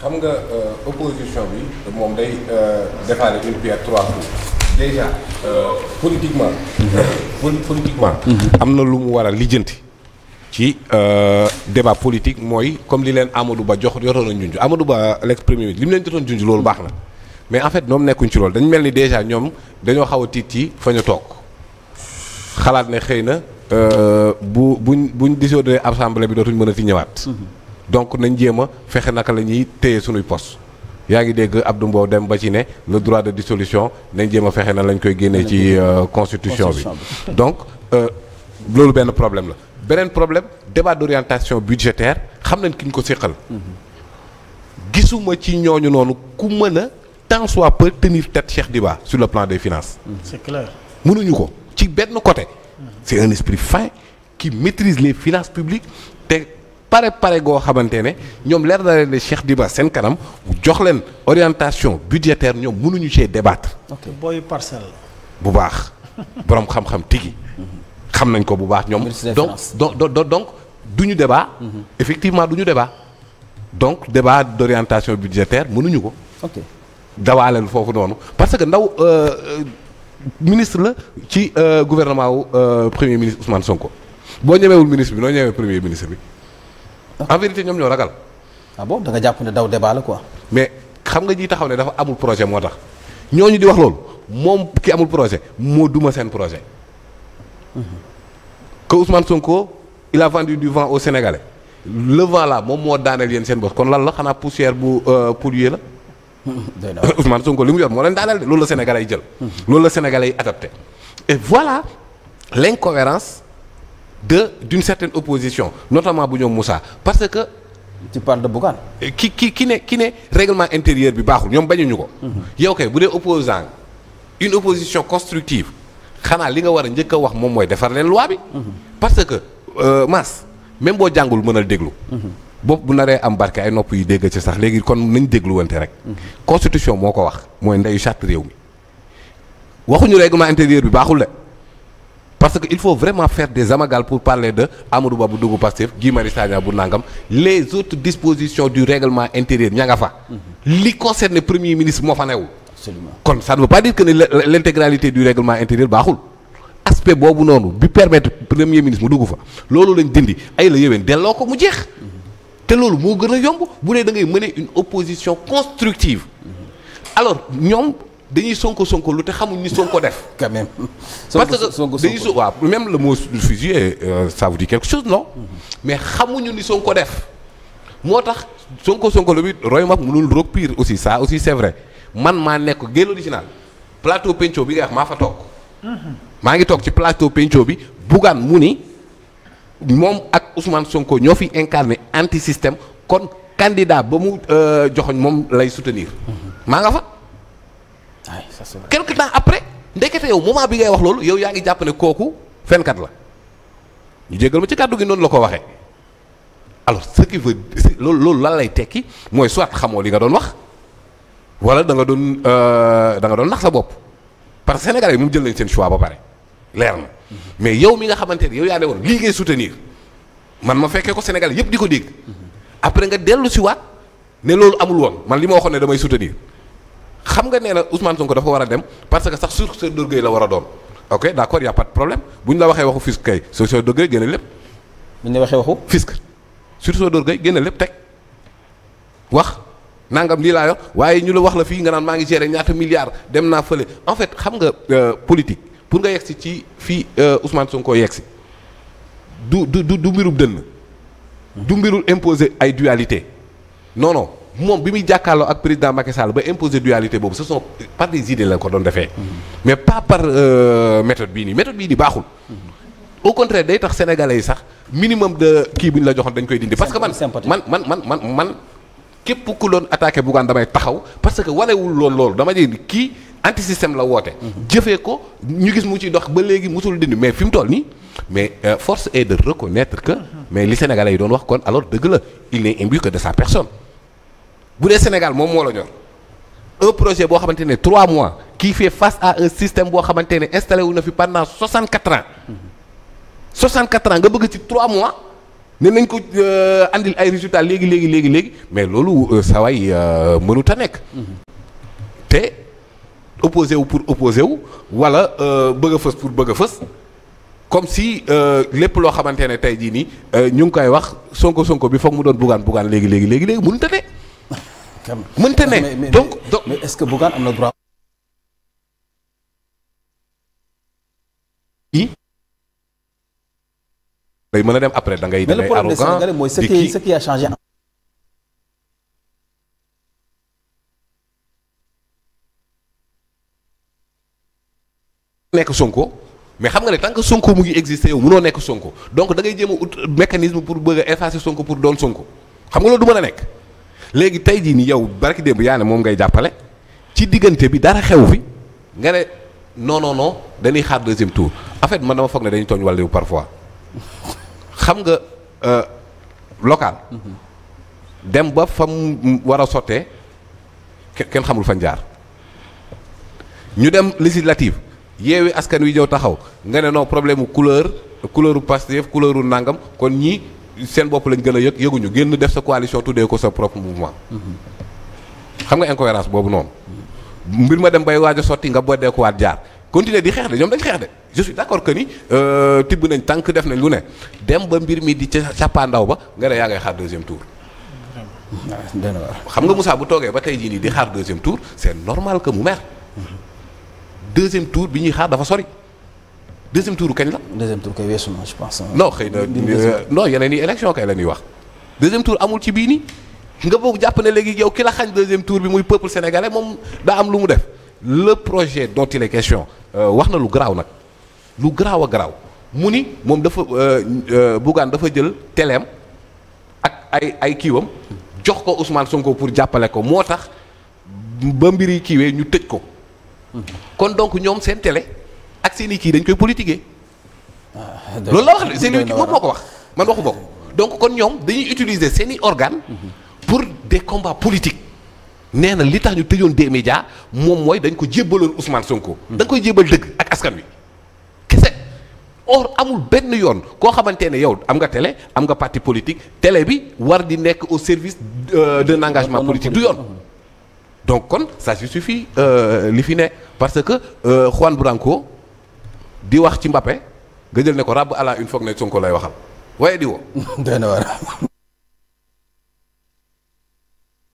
xam nga euh, opposition bi moom day euh, defaale une pierre trois coups déjà euh, politiquement. Mhm. politiquement. Mhm. am na lu mu war a lijjanti. ci débat politique mooy comme li leen Amadou Ba jox jotoon a junj Amadou Ba l'ex premier ministre li mu leen jotoon junj loolu baax na mais en fait ñoom nekkuñ ci loolu dañ mel ni déjà ñoom dañoo xaw a tiit ci fa ñu toog xalaat ne xëy na bu buñ buñ dissoudre assemblée bi dootuñ mën a ci ñëwaat. Mhm. donc nañ jéem a fexe naka la ñuy téye suñuy post yaa ngi dégg Abdou Mbow dem ba ci ne le droit de dissolution nañ jéem a fexe na lañu koy génnee ci euh, constitution bi donc euh, loolu benn problème la beneen problème débat d'orientation budgétaire xam nañ kiñ ñu ko séqal mhm. gisuma ci ñooñu noonu ku mën a tant soit peu tenir tête Cheikh Diba sur le plan des finances mhm. c'est mënuñu ko ci benn côté mhm. c'est un esprit fin qui maîtrise les finances publiques te pare pare goo xamante ne ñoom leer na leen ne Cheikh Diba seen kanam jox leen orientation budgétaire ñoom mënuñu cee débattre. ok booy parcelle. bu baax borom xam-xam tigi xam nañ ko bu baax ñoom. donc du ñu duñu débat. Mhm. du ñu débat. donc débat d'orientation budgétaire mënuñu ko. ok dawaaleel foofu noonu parce que ndaw euh, euh, ministre la ci euh, gouvernement wu premier ministre Ousmane Sonko boo ñemewul ministre bi noo ñemee premier ministre bi. en ñoom ñoo ragal. ah da nga jàpp ne daw débat la quoi. mais xam nga ñii taxaw ne dafa amul projet moo tax ñoo ñu di wax loolu moom ki amul projet moo duma seen projet. Mhm. que Ousmane Sonko il a vendu du vent au Sénégalais le vent moom moo daaneel yéen seen bopp kon lan la xanaa poussière bu euh, polluer la. Ousmane Sonko li mu yor moo leen daaneel de loolu la Sénégalais yi jël. Mhm. loolu la Sénégalais yi adapté. et voilà l'incohérence de d'une certaine opposition notamment bu ñoom Moussa parce que. tu parles de Bougane. ki ki ki ne ki ne règlement intérieur bi baaxul ñoom bañuñu ko. Mhm. yow kay bu dee opposant une opposition constructive xanaa li nga war a njëkk a wax moom mooy defar leen loi bi. Mhm. parce que euh, Mass même boo jàngul mënal déglu. Mhm. bopp bu naree am barke ay nopp yu dégg ci sax léegi kon nañ dégluwante rek. constitution moo ko wax mooy ndeyu charte réew mi waxuñu règlement intérieur bi baaxul la. parce que il faut vraiment faire des amalgames pour parler de Amadou Ba bu dugg Pastef Guy Marius Sagna bu nangam les autres dispositions du réglement intérieur ña nga fa. li concerne premier ministre moo fa newul. absolument kon ça ne veut pas dire que ne l'intégralité du règlement intérieur baaxul. aspect boobu noonu bi permettre premier ministre mu dugg fa loolu lañu dindi ay la yéwén delloo ko mu jeex. te loolu moo gën a yomb bu dee da ngay mener une opposition constructive. alors ñoom. dañuy sonko sonko lu te xamuñ ni sonko def. quand même parce que dañuy so waaw même le mot du fusil euh, ça vous dit quelque chose non. Mm-hmm. mais xamuñu ni sonko def. moo tax sonko sonko lu bi roy mag mënul roog pire aussi ça aussi c'est vrai man maa nekk génn original plateau penco bi maa fa toog. Mm-hmm. maa ngi toog ci plateau penco bi Bougane mu ni moom ak Ousmane Sonko ñoo fi incarné anti système kon candidat ba mu euh, joxoñ moom lay soutenir. Mm-hmm. maa nga fa. quelque temps après ndekete yow moment bi ngay wax loolu yow yaa ngi jàpp kooku fenkat la ñu jégal ma ci kàddu gi noonu la ko waxee alors ce qui veut loolu loolu lan lay tekki mooy soit xamoo li nga doon wax wala da nga doon euh, da nga doon nax sa bopp parce que sénégalais yi moom jël nañ seen choix ba pare leer na mais yow mi nga xamante ne yow yaa ne woon lii ngay soutenir man ma fekkee ko sénégalais yëpp di ko dégg après nga dellu si waat ne loolu amul woon man li ma waxoon ne damay xam nga nee na usman Sonko dafa war a dem parce que sax surseur d'orgueil la war a doon ok d'accord y a pas de problème bu ñu la waxee waxu fisc kay surseur d'orgueil génne lépp. ñu waxee waxu. fisc surseur d'orgueil génne lépp teg wax nangam lii laa yor waaye ñu la wax la fii nga naan maa ngi gérer ñaata milliards dem naa fële en fait xam nga euh, politique pour nga yegg si ci fii euh, Ousmane Sonko yegsi du du du mbirub dënn du mbirul imposer ay dualité non moom bi muy jàkkaarloo ak président Macky Sall ba imposer dualité boobu ce sont par des idées la ko doon defee. Mhm. mais pas par euh, méthode bii nii méthode bii nii baaxul. Mhm. au contraire day tax sénégalais yi sax minimum de kii bu ñu la joxoon dañ koy dindi. parce que man man man man man man képp ku loon attaqué Bougane damay taxaw parce que wanewul lool loolu dama jënd kii anti système la woote. Mhm. jëfee ko ñu gis mu ciy dox ba léegi mosul dindi mais fi mu toll nii. mais euh, force est de reconnaître mais li sénégalais yi doon wax kon alors dëgg la il n'est de sa personne. bu dee Sénégal moom moo la ñor un projet boo xamante ne trois mois kii fait face à un système boo xamante ne installé wu na fi pendant 64 ans 64 ans nga bëgg ci trois mois ne nañ ko euh, andil ay résultats léegi léegi léegi léegi mais loolu euh, saa waay euh, mënut a nekk. te opposé wu pour opposé wu wala bëgg a fës pour bëgg a fës. comme si lépp loo xamante ne tey jii nii ñu ngi koy wax sonko sonko bi foog mu doon bugaan bugaan léegi léegi léegi léegi mënut a ne mënta ne donc donc mais est-ce que Bougane am na droit. day mën a dem après da ngay. da ngay arrogant mooy ce qui ce qui a changé. nekk Sonko mais xam nga ne tant que Sonko mu ngi exister yow munoo nekk Sonko donc da ngay jéem a ut mécanisme pour bëgg a Sonko pour doon Sonko xam nga loolu du mën a nekk. léegi tey jii ni yow barki démb yaa ne moom ngay jàppale ci diggante bi dara xew fi nga ne noonoonoo non dañuy xaar deuxième tour en man dama foog ne dañuy tooñ wàllu parfois xam nga euh, local. Mhm. dem ba fa mu war a sottee kenn xamul fa jaar ñu dem législative yeewi askan wi ñëw taxaw nga ne non problème mu couleur couleuru Pastef couleuru nangam kon ñii. seen bopp lañ gën a yëg yëguñu génn def sa coalition tuddee ko sa propre mouvement. xam nga incohérence boobu noonu. mbir ma dem bay waaj a sotti nga boddeeku waat jaar continuer di xeex de ñoom dañ xeex de je d'accord que euh, tibb nañ tànk def nañ lu ne dem ba mbir mi di ca cappaandaw ba nga ne yaa ngay xaar deuxième tour. xam nga Moussa bu toogee ba tey jii nii di xaar deuxième tour c'est normal que mu mer. deuxième tour bi ñuy xaar dafa sori. deuxième tour kañ la. deuxième na je pense. non xëy na euh, non yeneen yi élection kay la ñuy wax. deuxième tour amul ci bii ni nga boog jàpp ne léegi yow ki xañ deuxième tour bi muy peuple sénégalais moom daa am lu mu def le projet dont il est question euh, wax na lu garaaw nag lu garaaw a garaaw mu ni moom dafa euh, Bougane dafa jël teleem ak ay ay kiiwam jox ko Ousmane Sonko pour jàppale ko moo tax ba mbir yi kiiwee ñu tëj ko mm-hmm. kon donc ñoom seen télé. ak i kii dañ koy politiquer. Ah, loolu la wax seen i kii moom moo ko wax man waxu ko donc kon ñoom dañuy utiliser seen i organes. Mhm. pour des combats politiques. nee na li tax ñu tëjoon des médias moom mooy dañ ko jébbaloon Ousmane Sonko. Mhm. dañ koy jébbal dëgg ak askan wi. kese or amul benn yoon koo xamante ne yow am nga télé am nga parti politique télé bi war di nekk au service euh, d'un engagement politique du yoon. donc kon ça suffit euh, li fi ne parce que euh, Juan Branco. di wax ci Mbappé nga jël ne ko ràbb ala une foog ne Sonko lay waxal waaye di woo.